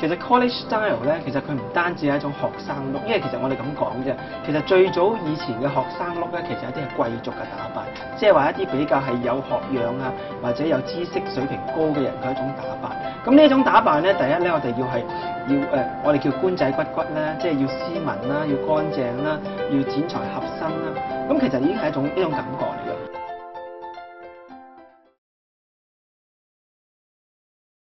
其實 college style 咧，其實佢唔單止係一種學生 look，因為其實我哋咁講啫。其實最早以前嘅學生 look 咧，其實有啲係貴族嘅打扮，即係話一啲比較係有學養啊，或者有知識水平高嘅人嘅一種打扮。咁呢一種打扮咧，第一咧，我哋要係要誒、呃，我哋叫官仔骨骨啦，即係要斯文啦，要乾淨啦，要剪裁合身啦。咁其實已經係一種一種感覺嚟㗎。